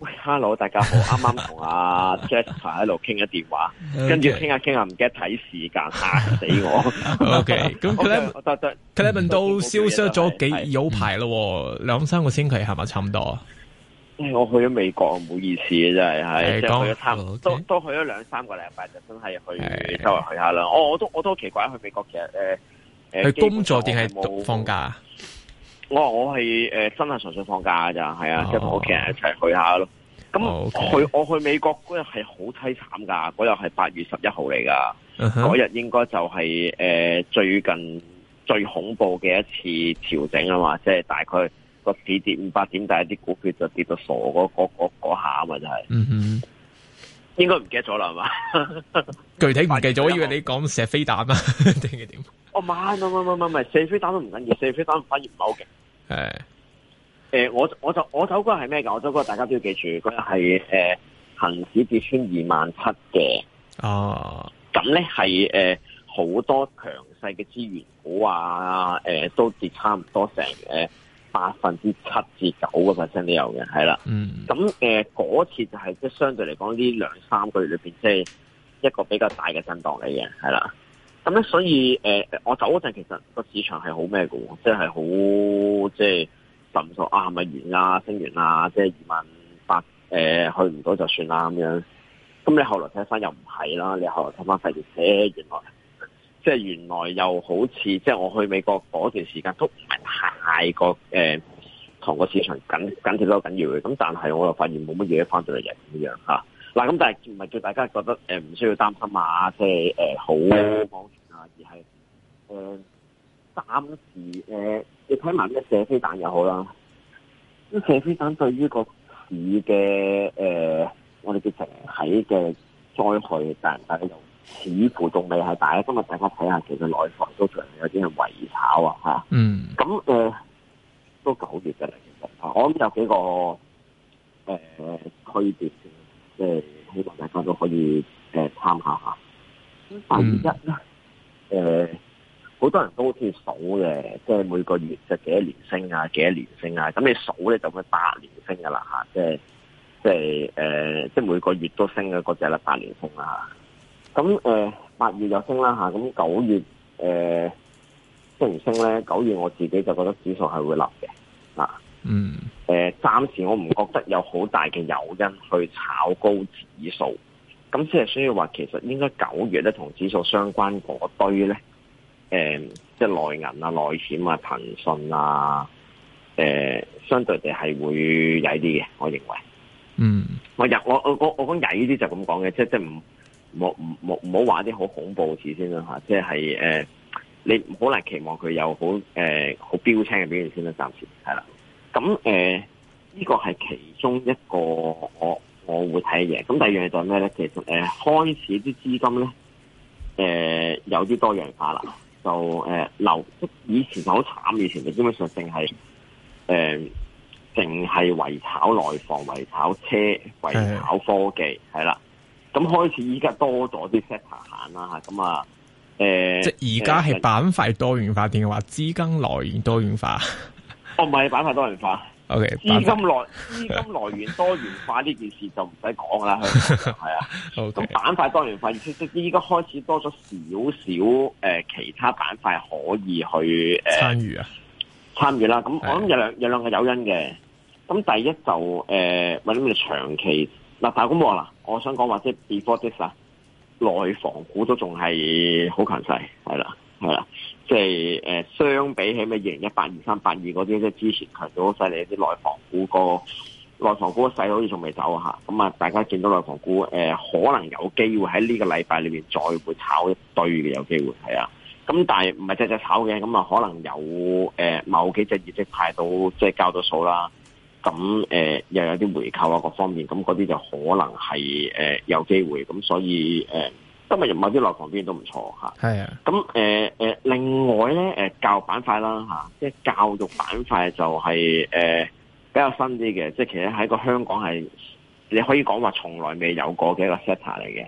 喂，hello，大家好，啱啱同阿 Jasper 喺度傾一電話，跟住傾下傾下，唔記得睇時間，嚇 死我。O K，咁 Clay，得 c l a y 問到、就是、消失咗幾有排咯，兩三個星期係咪差唔多、嗯？我去咗美國，唔好意思嘅真係，係、就是、去咗差唔多，都去咗兩三個禮拜，就真係去周圍去下啦。我都我都好奇怪去美國，其實誒誒、呃，去工作定係放假？哦、我我係誒真係純粹放假噶咋，係啊，即係同屋企人一齊去下咯。咁、嗯哦 okay、去我去美國嗰日係好淒慘噶，嗰日係八月十一號嚟噶，嗰日應該就係誒最近最恐怖嘅一次調整啊嘛，即係大概個市跌五百點，但係啲股票就跌到傻嗰下啊嘛，就係、是。嗯，嗯應該唔記得咗啦，係嘛？具體唔記得咗，我以為你講射飛彈啊定係點？哦晚係唔唔唔唔唔，射飛彈都唔緊要， 射飛彈反而唔係好勁。誒，誒，我我就我嗰個係咩㗎？我嗰個大家都要記住，嗰個係誒恒指跌穿二萬七嘅。哦、oh.，咁咧係誒好多強勢嘅資源股啊，誒、呃、都跌差唔多成誒百分之七至九個 percent 都有嘅，係啦。嗯、mm.。咁誒嗰次就係即係相對嚟講呢兩三個月裏邊即係一個比較大嘅震盪嚟嘅，係啦。咁咧，所以誒、呃，我走嗰陣其實個市場係好咩嘅喎，即係好即係尋索啊，係咪軟啊，升完啊，即係二萬八去唔到就算啦咁樣。咁你後來睇返又唔係啦，你後來睇返發現車，原來即係、就是、原來又好似即係我去美國嗰段時間都唔係太過誒同、呃、個市場緊緊貼得緊要嘅。咁但係我又發現冇乜嘢翻到嚟人咁樣吓。嗱咁，但係唔係叫大家覺得誒唔需要擔心啊？即係誒好安全啊，而係誒暫時誒、呃，你睇埋咩射飛彈又好啦。咁射飛彈對於個市嘅誒、呃，我哋整體嘅災害大唔大咧？似乎仲未係大。今日大家睇下其實內房都仲有啲人圍炒啊嚇。嗯。咁誒、呃、都九月嘅啦，其實我諗有幾個誒、呃、區別先。即係希望大家都可以誒、呃、參考一下。咁八月一咧、嗯，誒、呃、好多人都好似數嘅，即係每個月就幾多年升啊，幾多年升啊。咁你數咧就會八年升噶啦嚇，即係即係誒，即係每個月都升嘅隻啦，八年升啦。咁誒八月又升啦嚇，咁九月誒、呃、升唔升咧？九月我自己就覺得指數係會落嘅啊。呃嗯，誒，暫時我唔覺得有好大嘅誘因去炒高指數，咁即係需要話其實應該九月咧同指數相關嗰堆咧，誒、嗯，即係內銀啊、內險啊、騰訊啊，誒，相對地係會曳啲嘅，我認為。嗯，我入我我我講曳呢啲就咁講嘅，即係即係唔唔唔好話啲好恐怖嘅事先啦吓、啊，即係誒、啊，你好難期望佢有好誒好標青嘅表現先啦，暫時係啦。咁誒，呢、呃，這個係其中一個我我會睇嘅嘢。咁第二樣就係咩咧？其實誒、呃，開始啲資金咧，誒、呃，有啲多元化啦。就誒流，即、呃、以前就好慘，以前就基本上淨係誒，淨係圍炒內房、圍炒車、圍炒科技，係啦。咁開始依家多咗啲 set 限啦，吓。咁啊，誒、呃，即而家係板塊多元化，定係話資金來源多元化？哦，唔係，板塊多元化，O K，資金來資金來源多元化呢件事就唔使講噶啦，係 啊。好，咁、okay。板塊多元化，而即即依家開始多咗少少誒、呃，其他板塊可以去誒參與啊，參與啦。咁我諗有兩有兩個誘因嘅。咁第一就誒，或者咪長期嗱，大公報啦，我想講或者 before this 啊，內房股都仲係好強勢，係啦。係啦，即係誒、呃，相比起咩二零一八、二三八二嗰啲，即係之前強到好犀利啲內房股個內房股個勢，好似仲未走吓。咁啊，大家見到內房股，誒、呃，可能有機會喺呢個禮拜裏面再會炒一堆嘅，有機會係啊。咁但係唔係隻隻炒嘅，咁啊，可能有誒、呃、某幾隻業績派到，即係交咗數啦。咁誒、呃、又有啲回購啊，各方面，咁嗰啲就可能係誒、呃、有機會。咁所以誒。呃今日入某啲內行邊都唔錯，係啊。咁誒、呃、另外咧教育板塊啦，即係教育板塊就係、是、誒、呃、比較新啲嘅，即係其實喺個香港係你可以講話從來未有過嘅一個 sector 嚟嘅。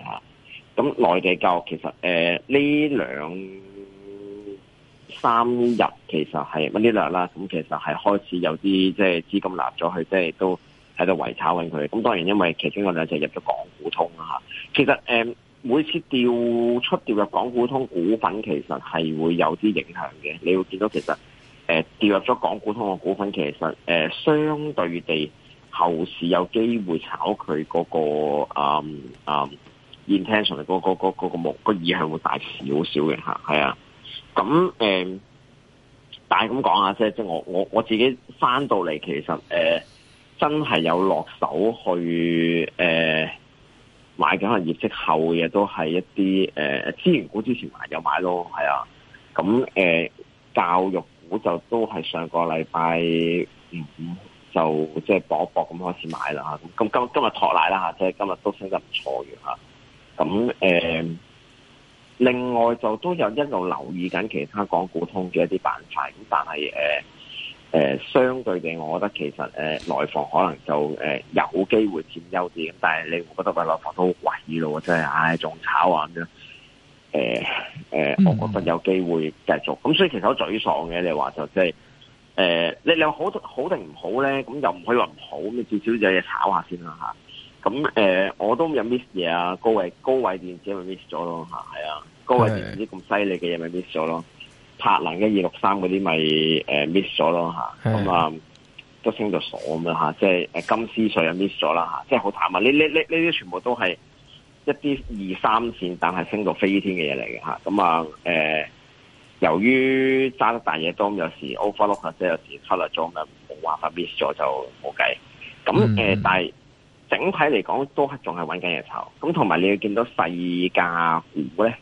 咁內地教育其實誒呢、呃、兩三日其實係乜兩啦咁，其實係開始有啲即係資金立咗去，即係都喺度圍炒緊佢。咁當然因為其中個兩隻入咗港股通啦，其實、呃每次調出調入港股通，股份，、呃、港股通股份，其實係會有啲影響嘅。你會見到其實，誒調入咗港股通嘅股份，其實相對地後市有機會炒佢嗰、那個啊啊、嗯嗯、intention 嗰、那個嗰、那個目、那個那個那個意向會大少少嘅嚇係啊。咁、嗯嗯、但係咁講下啫，即係我我我自己翻到嚟，其實、呃、真係有落手去、呃買緊可能業績後嘅都係一啲誒、資源股，之前買就買咯，係啊，咁、嗯、誒、嗯、教育股就都係上個禮拜五就即係搏一搏咁開始買啦吓，咁、啊、今、嗯、今日托賴啦吓，即係今日都升得唔錯嘅吓，咁、啊、誒、嗯嗯嗯、另外就都有一路留意緊其他港股通嘅一啲板塊，咁但係誒。嗯誒、呃，相對地，我覺得其實誒，內、呃、房可能就誒、呃、有機會佔優勢，咁但係你會覺得個內房都毀咯，真係，唉、哎，仲炒啊咁樣。誒、呃、誒、呃嗯，我覺得有機會繼續，咁所以其實我沮喪嘅，你話就即係誒，你你話好好定唔好咧？咁又唔可以話唔好，咁至少有嘢炒下先啦吓。咁誒、呃，我都有 miss 嘢啊，高位高位電子咪 miss 咗咯吓，係啊，高位電子啲咁犀利嘅嘢咪 miss 咗咯。百能一二六三嗰啲咪誒 miss 咗咯咁啊都升到傻咁樣即係金斯瑞又 miss 咗啦即係好淡啊！呢呢呢呢啲全部都係一啲二三線，但係升到飛天嘅嘢嚟嘅咁啊由於揸得大嘢多，咁有時 overlook 或者有時忽略咗咁樣，冇辦法 miss 咗就冇計。咁但係整體嚟講都係仲係搵緊人籌。咁同埋你要見到細價股咧。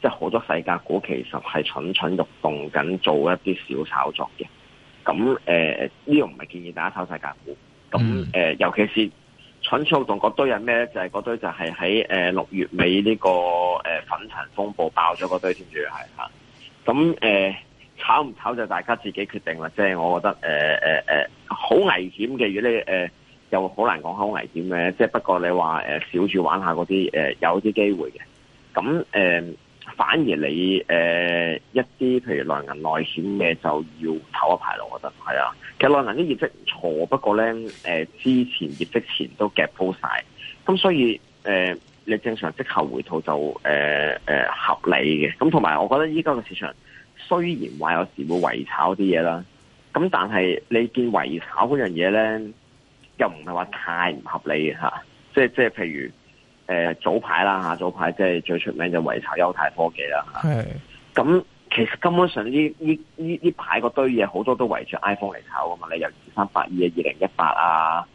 即係好多細價股其實係蠢蠢欲動緊，做一啲小炒作嘅。咁誒呢個唔係建議大家炒細價股。咁誒、呃，尤其是蠢蠢欲動嗰堆有咩咧？就係、是、嗰堆就係喺誒六月尾呢、呢個粉、呃、塵風暴爆咗嗰堆，先至係嚇。咁誒、呃、炒唔炒就大家自己決定啦。即係我覺得誒誒好危險嘅，如果你誒、呃、又好難講好危險嘅。即係不過你話、呃、少住玩下嗰啲、呃、有啲機會嘅。咁反而你誒、呃、一啲譬如內銀內險嘅就要唞一排咯，我覺得係啊。其實內銀啲業績唔錯，不過咧誒、呃、之前業績前都夾鋪曬，咁所以誒、呃、你正常即後回吐就誒、呃呃、合理嘅。咁同埋我覺得依家個市場雖然話有時會圍炒啲嘢啦，咁但係你見圍炒嗰樣嘢咧，又唔係話太唔合理吓、啊、即即係譬如。誒，早排啦吓，早排即係最出名就圍炒優泰科技啦吓。咁其實根本上呢呢呢呢排個堆嘢好多都圍住 iPhone 嚟炒噶嘛，你由二三八二、二零一八啊，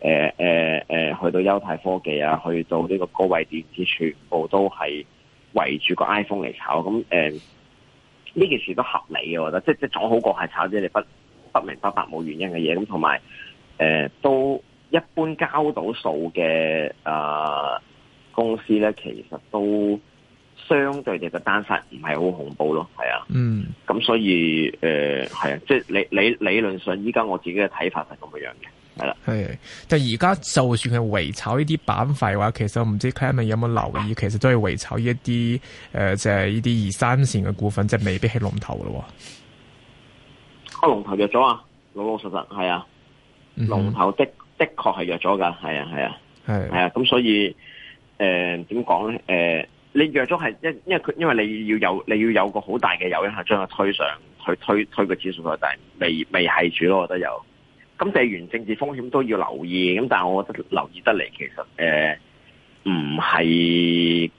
誒誒誒，去到優泰科技啊，去到呢個高位電子，全部都係圍住個 iPhone 嚟炒。咁、嗯、誒、呢、呃、件、這個、事都合理嘅，我覺得，即係即係總好過係炒啲你不不明不白冇原因嘅嘢。咁同埋誒，都一般交到數嘅啊。呃公司咧，其實都相對嘅單法唔係好恐怖咯，係啊，嗯，咁所以誒係啊，即係理，理論上依家我自己嘅睇法係咁嘅樣嘅，係啦，係，但係而家就算係圍炒呢啲板塊嘅話，其實我唔知 Clement 有冇留意、啊，其實都係圍炒呢啲誒即係呢啲二三線嘅股份，即係未必係龍頭咯。啊、哦，龍頭弱咗啊，老老實實係啊，龍頭的的確係弱咗㗎，係啊係啊係啊，咁所以。誒、呃，點講咧？誒、呃，你約咗係因為佢，因為你要有，你要有個好大嘅誘因，係將佢推上去，推推個指數再低，未未係住咯，我覺得有。咁地緣政治風險都要留意，咁但係我覺得留意得嚟，其實誒，唔、呃、係，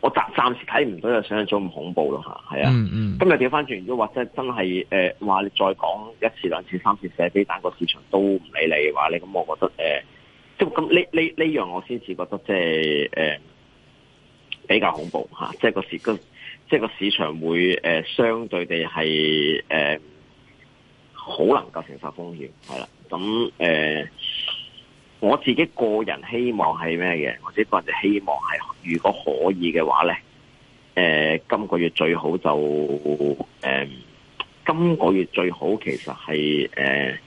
我暫暫時睇唔到有想象中咁恐怖咯，吓，係、嗯、啊。咁你調翻轉，如果或者真係誒話，再講一次兩次三次射飛彈，個市場都唔理你嘅話咁我覺得誒。呃咁呢呢呢樣我先至覺得即係、呃、比較恐怖、啊、即係個市即係個市場會、呃、相對地係好、呃、能夠承受風險係啦。咁我自己個人希望係咩嘅？我自己個人希望係如果可以嘅話咧、呃，今個月最好就、呃、今個月最好其實係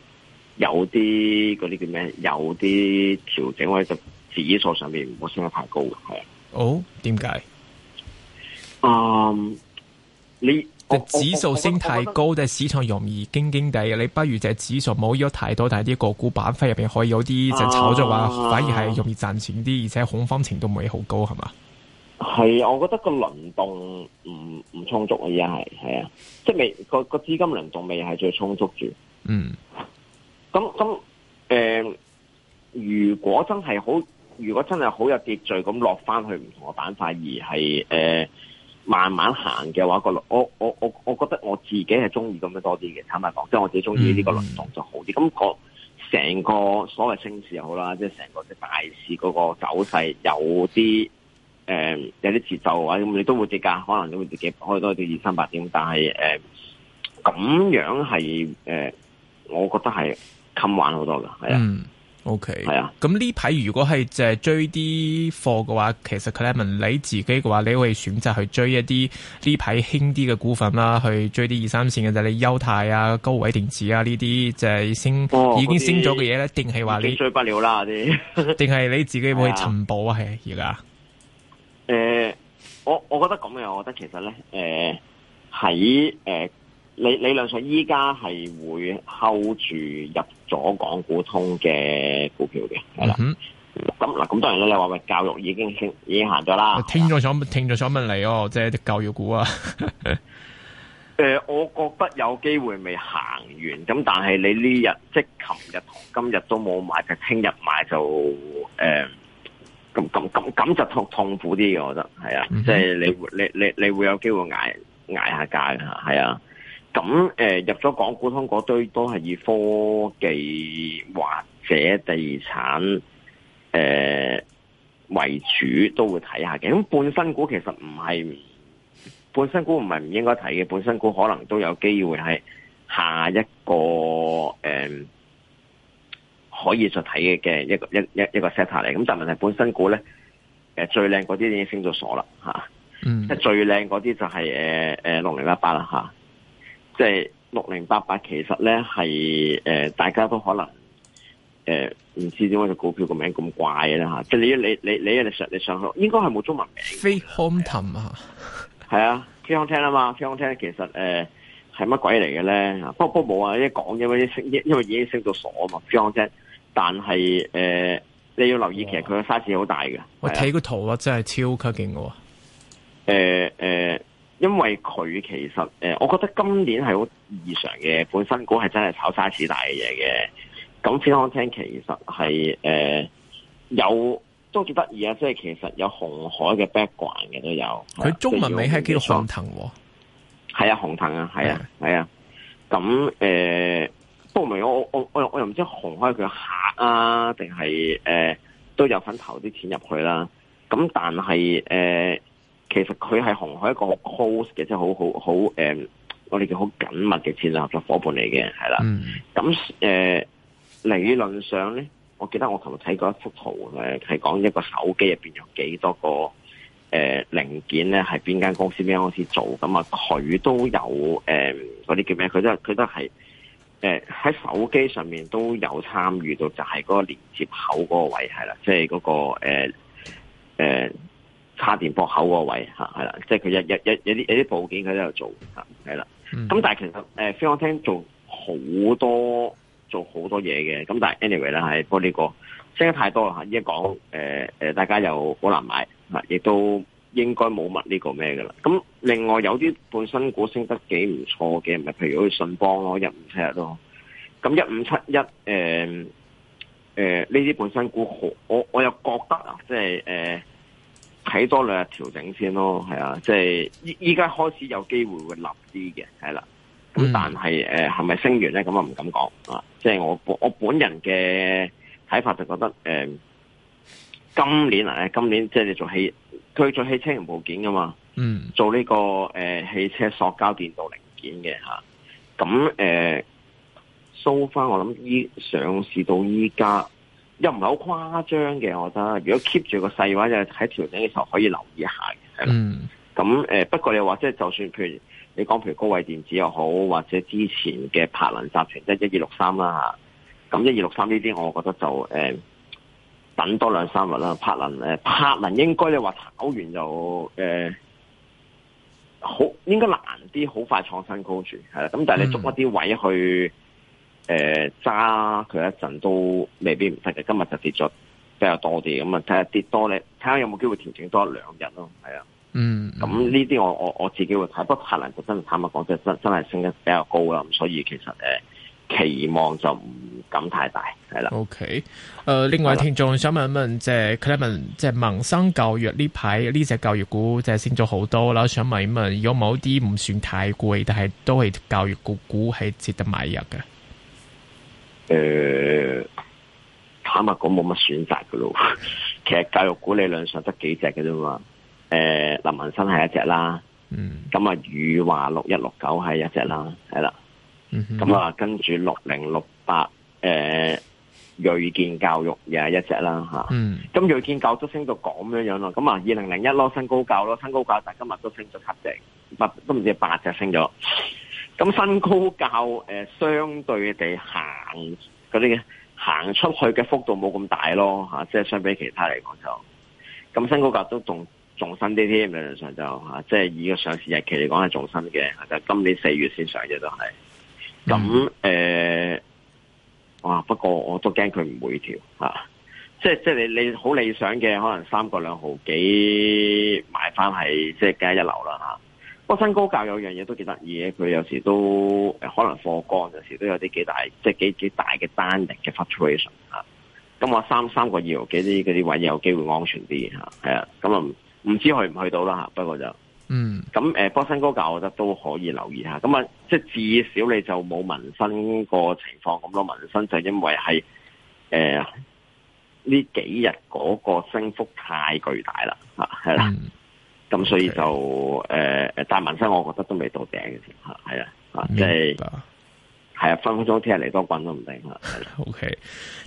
有啲嗰啲叫咩？有啲調整喺個指數上面唔好升得太高嘅，係啊。哦，點解？嗯、um,，你個指數升太高，即係市場容易驚驚地。你不如就指數冇咗太多，但係啲個股板塊入邊可以有啲就炒作啊，uh, 反而係容易賺錢啲，而且恐慌程度唔係好高，係嘛？係啊，我覺得個輪動唔唔充足啊，而家係係啊，即係未個個資金輪動未係最充足住，嗯。咁咁，誒、呃，如果真係好，如果真係好有秩序咁落翻去唔同嘅板塊，而係誒、呃、慢慢行嘅話，個我我我我覺得我自己係中意咁樣多啲嘅，坦白講，即、就、係、是、我自己中意呢個輪動就好啲。咁、嗯那個成個所謂升市又好啦，即係成個即係大市嗰個走勢有啲誒、呃、有啲節奏嘅話，咁、嗯、你都會跌價，可能你會自己開多啲二三百點。但係咁、呃、樣係誒。呃我覺得係襟玩好多噶，係啊，嗯，OK，係啊。咁呢排如果係即係追啲貨嘅話，其實 Clement 你自己嘅話，你可以選擇去追一啲呢排輕啲嘅股份啦，去追啲二三線嘅，就係、是、優泰啊、高位電子啊呢啲，這些就係升、哦、已經升咗嘅嘢咧，定係話你追不了啦啲？定係 你自己會尋寶啊？係而家？誒，我我覺得咁樣，我覺得其實咧，誒、呃，喺誒。呃理理論上依家係會睺住入咗港股通嘅股票嘅，係啦。咁、嗯、嗱，咁當然啦，你話喂教育已經已經行咗啦。聽咗想，聽咗想，想問你哦，即係啲教育股啊。誒、 呃，我覺得有機會未行完，咁但係你呢日即係琴日同今日都冇買，就聽日買就誒咁咁咁咁就痛痛苦啲嘅，我覺得係啊，即係、嗯、你你你你會有機會捱捱下價嘅嚇，係啊。咁、呃、入咗港股通嗰堆都係以科技或者地產誒、呃、為主，都會睇下嘅。咁半新股其實唔係半新股，唔係唔應該睇嘅。半新股可能都有機會係下一個誒、呃、可以再睇嘅一個一個一個一 set 嚟。咁但問題半新股呢，半新股咧最靚嗰啲已經升咗鎖啦嚇，即係、啊嗯、最靚嗰啲就係誒誒六零一八啦吓。呃呃六零一八，啊即係六零八八，其實咧係誒，大家都可能誒唔、呃、知點解個股票個名咁怪嘅啦吓。即、啊、係、就是、你你你你，你上你上去，應該係冇中文名的。FIT Hon Teng 啊，係啊，FIT Hon Teng 啦嘛，FIT Hon Teng 其實誒係乜鬼嚟嘅咧？不不冇啊，一講因為一升因為已經升到傻啊嘛，FIT Hon Teng 啫。但係誒、呃、你要留意，哦、其實佢嘅 size 好大嘅、啊。我睇個圖啊，真係超級勁㗎。誒、呃、誒。因為佢其實誒、呃，我覺得今年係好異常嘅，本身股係真係炒沙士大嘅嘢嘅。咁健康聽其實係誒、呃、有都幾得意啊，即係其實有紅海嘅 background 嘅都有。佢中文名係叫紅騰，係啊紅騰啊，係啊係啊。咁誒，不過明係我我我又唔知紅海佢客啊，定係誒都有份投啲錢入去啦。咁但係誒。呃其實佢係鴻海一個好 close 嘅，即係好好好誒，我哋叫好緊密嘅戰略合作伙伴嚟嘅，係啦。咁、嗯、誒、呃，理論上咧，我記得我琴日睇過一幅圖係係、呃、講一個手機入邊有幾多個誒、呃、零件咧，係邊間公司邊間公司做。咁、嗯、啊，佢都有誒嗰啲叫咩？佢都佢都係誒喺手機上面都有參與到，就係嗰個連接口嗰個位係啦，即係嗰個誒誒。呃呃叉電駁口嗰位嚇係啦，即係佢一日一有啲有啲部件喺度做嚇係啦。咁、mm -hmm. 但係其實誒、呃、飛我聽做好多做好多嘢嘅，咁但係 anyway 啦係玻璃股升得太多啦嚇，依家講誒誒大家又好難買嚇，亦都應該冇乜呢個咩㗎啦。咁另外有啲半新股升得幾唔錯嘅，咪譬如好似信邦咯，一五七一咯。咁一五七一誒誒呢啲半新股好，我我又覺得啊，即係誒。呃睇多兩日調整先咯，係啊，即係依依家開始有機會會立啲嘅，係啦、啊。咁但係，誒、mm. 呃，係咪升完咧？咁我唔敢講啊。即、就、係、是、我我本人嘅睇法就覺得，誒、呃，今年啊，今年即係、就是、你做汽，佢做汽車零部件噶嘛，嗯、mm. 這個，做呢個誒汽車塑膠電路零件嘅嚇。咁、啊、誒，收、啊、翻、so、我諗依上市到依家。又唔係好誇張嘅，我覺得。如果 keep 住個細位，就喺調整嘅時候可以留意下嘅。咁、嗯、不過你話即係就算譬如你講譬如高位電子又好，或者之前嘅柏能集團即係一二六三啦，咁一二六三呢啲，就是、1, 2, 6, 3, 1, 2, 6, 我覺得就、呃、等多兩三日啦。柏能誒柏能應該你話炒完就、呃、好應該難啲，好快創新高住係啦。咁但係你捉一啲位去。嗯誒、呃，揸佢一陣都未必唔得嘅。今日就跌咗比較多啲，咁啊睇下跌多，你睇下有冇機會調整多兩日咯。係啊，嗯，咁呢啲我我我自己會睇，不過可能就真係坦白講，真真係升得比較高啦。咁所以其實誒、呃、期望就唔敢太大係啦。O K，誒，另外聽眾想、就是、想問一問，即係 Clement，即係民生教育呢排呢隻教育股，即係升咗好多啦。想問一問有冇啲唔算太貴，但係都係教育股股係值得買入嘅？誒、呃，坦白講冇乜選擇噶咯。其實教育股理論上得幾隻嘅啫嘛。誒、呃，林文生係一隻啦。嗯。咁啊，宇華六一六九係一隻啦，係、嗯、啦。咁啊，跟住六零六八，誒，瑞建教育又係一隻啦吓。咁、嗯、瑞建教都升到港咁樣樣咯。咁啊，二零零一咯，新高教咯，新高教但今日都升咗七隻，八都唔知八隻升咗。咁新高教相對地行嗰啲行出去嘅幅度冇咁大咯，即係相比其他嚟講就。咁新高教都仲新啲添，理論上就即係以個上市日期嚟講係仲新嘅，就今年四月先上嘅都係。咁誒、就是，哇、嗯嗯！不過我都驚佢唔會調即係即係你你好理想嘅可能三個兩毫幾買翻係即係加一流啦波新高教有樣嘢都幾得意嘅，佢有時都可能破光，有時都有啲幾大，即係幾幾大嘅單力嘅 fluctuation 啊。咁啊，三三個億嘅啲嗰啲位有機會安全啲吓，係啊。咁啊，唔知去唔去到啦吓、啊。不過就，嗯，咁誒，波新高教我覺得都可以留意下。咁啊，即係至少你就冇民生個情況咁多，民生就因為係誒呢幾日嗰個升幅太巨大啦吓，係、啊、啦。嗯。咁所以就誒誒，戴、okay. 呃、文生我覺得都未到頂嘅，吓係啊，即係係啊，分、就是啊、分鐘聽日嚟多滾都唔定啦。O K，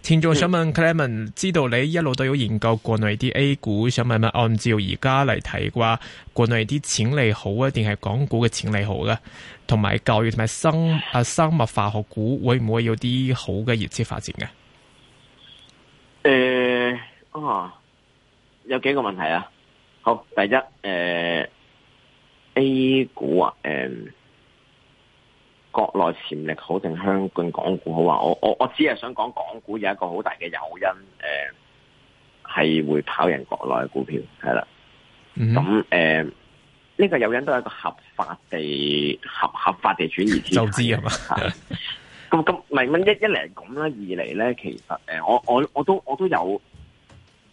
聽眾想問 Clement，、嗯、知道你一路都有研究國內啲 A 股，想問問按照而家嚟睇啩？話，國內啲潛力好啊，定係港股嘅潛力好嘅？同埋教育同埋生啊生物化學股會唔會有啲好嘅業績發展嘅？誒、呃啊，有幾個問題啊？好，第一，誒、呃、，A 股啊，誒、呃，國內潛力好定香港港股好啊？我我我只係想講港股有一個好大嘅誘因，誒、呃，係會跑贏國內嘅股票，係啦。咁、mm -hmm.，誒、呃，呢、這個誘因都係一個合法地合合法地轉移資金，就知啊嘛？咁咁，明明一一嚟講咧，二嚟咧，其實，誒、呃，我我我都我都有。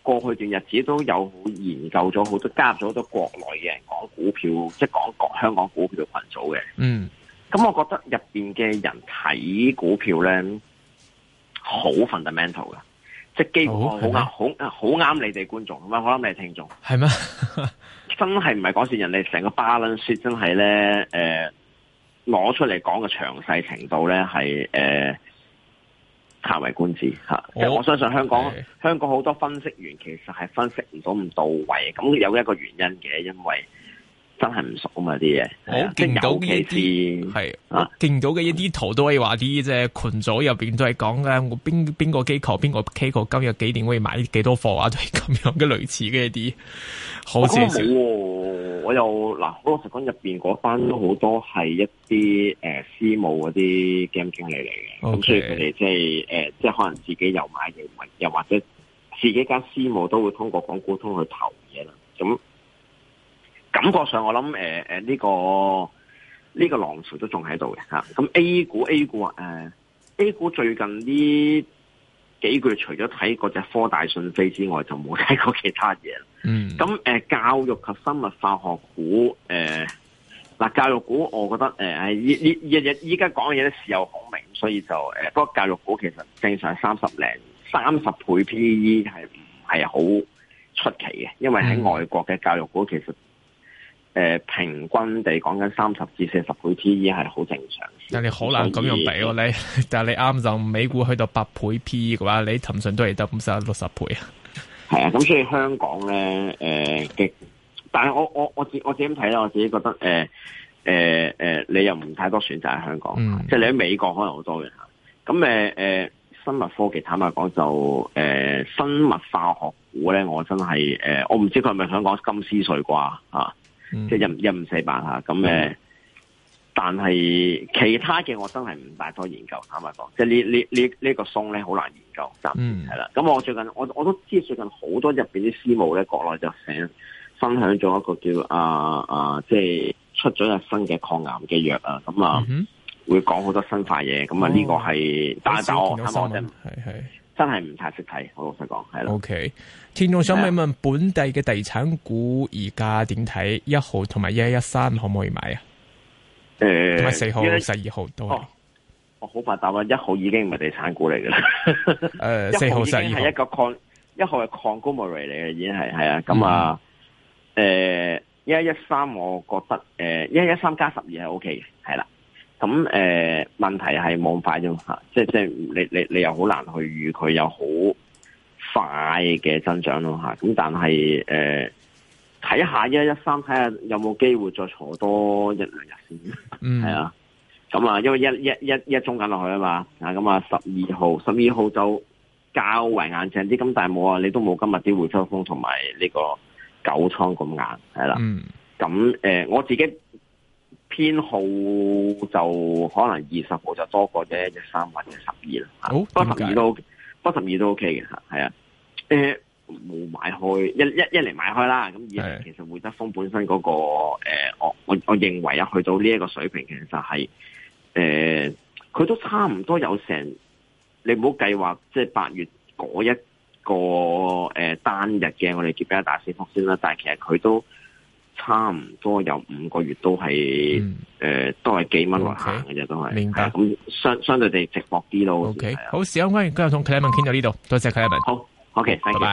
過去段日子都有研究咗好多，加入咗好多國內嘅人講股票，即係講港香港股票嘅群組嘅。嗯，咁我覺得入面嘅人睇股票咧，好 fundamental 嘅，即係幾乎好啱好好啱你哋觀眾，啱唔啱你哋聽眾？係咩？ 真係唔係講笑，人哋成個 balance、呃、sheet 真係咧？攞出嚟講嘅詳細程度咧係、呃歎為觀止、哦、為，我相信香港香港好多分析員其實係分析唔到咁到位，咁有一個原因嘅，因為那些真係唔熟啊嘛啲嘢。我、哦、見到嘅一啲係啊，見到嘅一啲圖都可以話啲啫，群組入邊都係講咧，我邊邊個機構邊個機構今日幾點可以買幾多貨啊，都係咁樣嘅類似嘅一啲，好正少、啊我有嗱，好老實講入邊嗰班都好多係一啲誒私募嗰啲基金經理嚟嘅，咁、okay. 所以佢哋即係誒，即係可能自己又買嘢，或又或者自己間私募都會通過港股通去投嘢啦。咁感覺上我諗誒誒呢個呢、這個浪潮都仲喺度嘅吓，咁 A 股 A 股誒 A 股、呃、最近啲。幾句除咗睇嗰隻科大訊飛之外，就冇睇過其他嘢。嗯，咁誒、呃，教育及生物化學股誒，嗱、呃，教育股我覺得誒，依依日日依家講嘅嘢咧事有孔明，所以就誒，嗰、呃、個教育股其實正常三十零三十倍 P E 係係好出奇嘅，因為喺外國嘅教育股其實，誒，平均地講緊三十至四十倍 P E 係好正常，但係你好難咁樣比喎你，但係你啱就美股去到八倍 P E 嘅話，你騰訊都係得五十六十倍啊。係啊，咁所以香港咧，誒、呃、但係我我我自己我只咁睇啦，我自己覺得誒誒誒，你又唔太多選擇喺香港，嗯、即係你喺美國可能好多嘅咁誒誒，生物科技坦白講就誒、呃、生物化學股咧，我真係誒、呃，我唔知佢係咪香港金絲稅啩吓。啊即、嗯就是、一一五四八吓咁誒，但係其他嘅我真係唔大多研究，坦白講，即係呢呢呢呢個松咧好難研究，係、嗯、啦。咁、嗯嗯、我最近我我都知道最近好多入邊啲私募咧，國內就成日分享咗一個叫阿阿、呃呃、即係出咗個新嘅抗癌嘅藥啊，咁啊、嗯、會講好多新化嘢，咁啊呢個係、哦、但係我坦白講，係係。真係唔太識睇，我老實講係啦。O K，天仲想問一問本地嘅地產股而家點睇？一號同埋一一一三可唔可以買啊？誒、呃，同埋四號、十二號都、哦。我好覆答啊！一號已經唔係地產股嚟嘅啦。誒、呃，四號, 一號已經係一個抗，一號係 conglomerate 嚟嘅，已經係係啊。咁、嗯、啊，誒一一一三，113我覺得誒一一一三加十二係 O K 嘅，係、呃、啦。咁誒、呃，問題係望快咗吓，即係即係你你你又好難去預佢有好快嘅增長咯吓，咁但係誒，睇、呃、下 1, 1, 3, 一一三，睇下有冇機會再坐多一兩日先，係啊，咁啊，因為一一一一沖緊落去啊嘛，咁啊十二號，十二號就較為硬淨啲，咁但係冇啊，你都冇今日啲回抽風同埋呢個九倉咁硬，係啦、啊，咁、嗯、誒、呃，我自己。編號就可能二十號就多過啫、哦欸、一三或一十二啦。好，多十二都多十二都 O K 嘅，係啊。誒，冇買開一一一嚟買開啦。咁二嚟其實會德豐本身嗰、那個誒、呃，我我我認為啊，去到呢一個水平其實係誒，佢、呃、都差唔多有成。你唔好計劃即係八月嗰一個誒、呃、單日嘅我哋叫咩一大市幅先啦。但係其實佢都。差唔多有五個月都係誒都係幾蚊，嚟行嘅啫，都係。明白。咁相相對地值博啲咯。O、okay. K，好，市民各位，今日同 Clayman 傾到呢度，多謝 Clayman。好，O K，多謝，拜、okay, 拜。